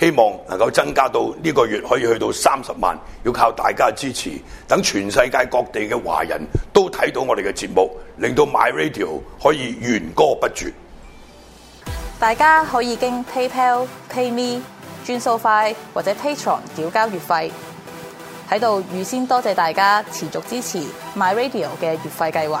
希望能夠增加到呢個月可以去到三十萬，要靠大家支持。等全世界各地嘅華人都睇到我哋嘅節目，令到 My Radio 可以弦歌不絕。大家可以經 PayPal、PayMe、轉數快或者 Patreon 繳交月費，喺度預先多謝大家持續支持 My Radio 嘅月費計劃。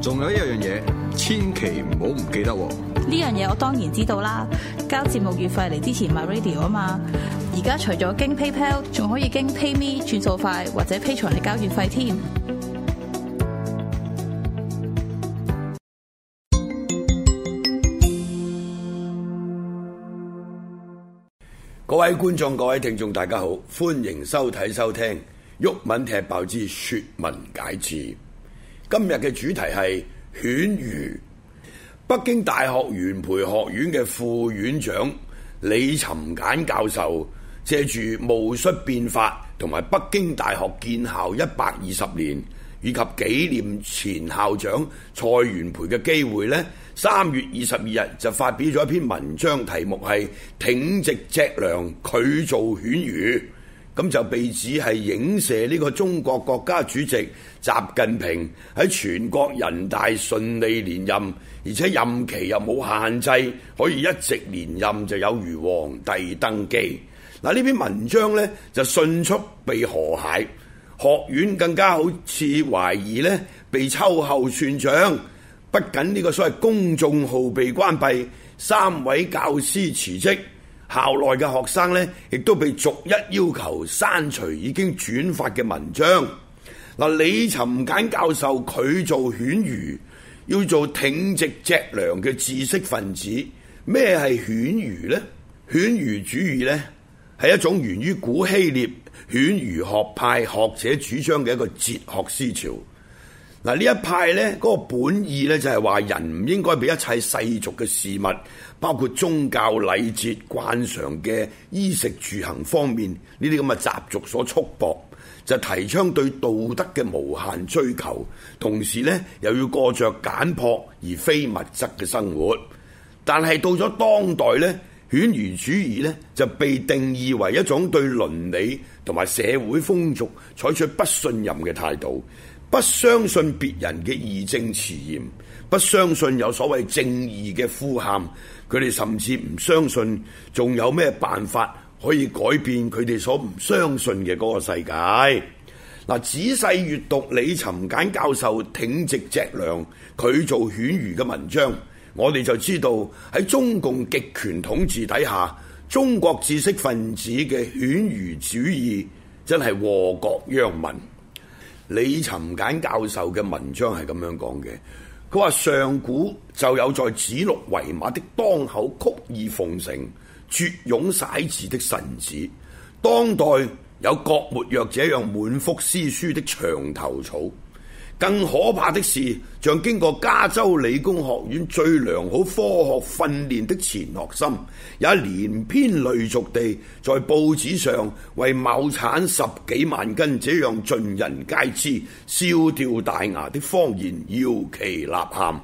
仲有一樣嘢，千祈唔好唔記得。呢樣嘢我當然知道啦，交節目月費嚟支持 MyRadio 啊嘛。而家除咗經 PayPal，仲可以經 PayMe 轉數快或者 Patreon 嚟交月費添。各位觀眾、各位聽眾，大家好，歡迎收睇、收聽《毓民踢爆之說文解字》。今日嘅主題係犬儒。北京大學元培學院嘅副院長李沉簡教授，借住戊戌變法同埋北京大學建校一百二十年，以及紀念前校長蔡元培嘅機會呢，三月二十二日就發表咗一篇文章，題目係《挺直脊梁，拒做犬儒》。咁就被指係影射呢個中國國家主席習近平喺全國人大順利連任，而且任期又冇限制，可以一直連任，就有如皇帝登基。嗱，呢篇文章呢就迅速被和諧，學院更加好似懷疑呢被秋後算賬，不僅呢個所謂公眾號被關閉，三位教師辭職。校內嘅學生呢，亦都被逐一要求刪除已經轉發嘅文章。嗱，李沉簡教授佢做犬儒，要做挺直脊梁嘅知識分子。咩係犬儒呢？犬儒主義呢，係一種源於古希臘犬儒學派學者主張嘅一個哲學思潮。嗱，呢一派呢，嗰個本意呢，就係話人唔應該俾一切世俗嘅事物，包括宗教禮節、慣常嘅衣食住行方面呢啲咁嘅習俗所束縛，就提倡對道德嘅無限追求，同時呢又要過着簡樸而非物質嘅生活。但係到咗當代呢，犬儒主義呢就被定義為一種對倫理同埋社會風俗採取不信任嘅態度。不相信別人嘅義正辭嚴，不相信有所謂正義嘅呼喊，佢哋甚至唔相信仲有咩辦法可以改變佢哋所唔相信嘅嗰個世界。嗱，仔細閱讀李沉簡教授挺直脊梁，拒做犬儒嘅文章，我哋就知道喺中共極權統治底下，中國知識分子嘅犬儒主義真係禍國殃民。李沉簡教授嘅文章係咁樣講嘅，佢話上古就有在指鹿為馬的當口曲意奉承、撮擁寫字的臣子，當代有郭沫若這樣滿腹詩書的牆頭草。更可怕的是，像經過加州理工學院最良好科學訓練的錢學森，也連篇累續地在報紙上為畝產十幾萬斤這樣盡人皆知、笑掉大牙的謊言搖旗吶喊。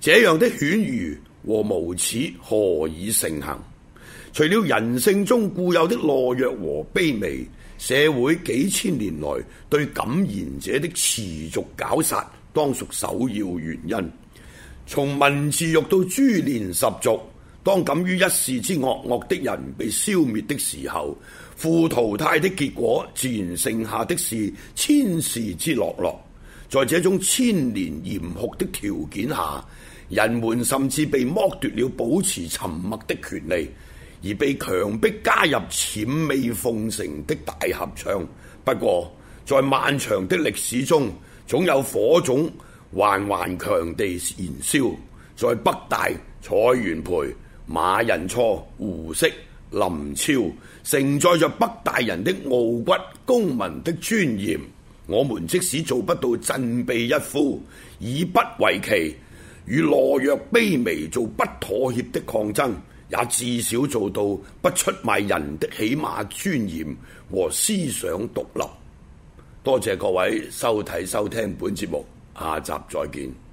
這樣的犬儒和無恥何以盛行？除了人性中固有的懦弱和卑微。社會幾千年來對敢言者的持續絞殺，當屬首要原因。從文字獄到株連十族，當敢於一士之諤諤的人被消滅的時候，富淘汰的結果，自然剩下的是千士之諾諾。在這種千年嚴酷的條件下，人們甚至被剝奪了保持沉默的權利。而被強迫加入諂媚奉承的大合唱。不過，在漫長的歷史中，總有火種還頑強地燃燒。在北大，蔡元培、馬寅初、胡適、林昭，承載着北大人的傲骨、公民的尊嚴。我們即使做不到振臂一呼，以不為奇。與懦弱卑微做不妥協的抗爭。也至少做到不出賣人的起碼尊嚴和思想獨立。多謝各位收睇收聽本節目，下集再見。